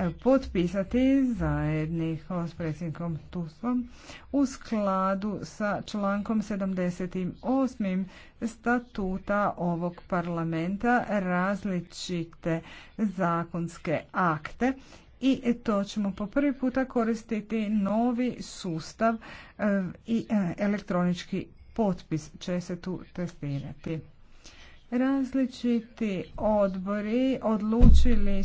E, potpisati zajedniho s predsjednikom Tuskom u skladu sa člankom 78. statuta ovog parlamenta različite zakonske akte i to ćemo po prvi puta koristiti novi sustav e, i e, elektronički potpis će se tu testirati. Različiti odbori odlučili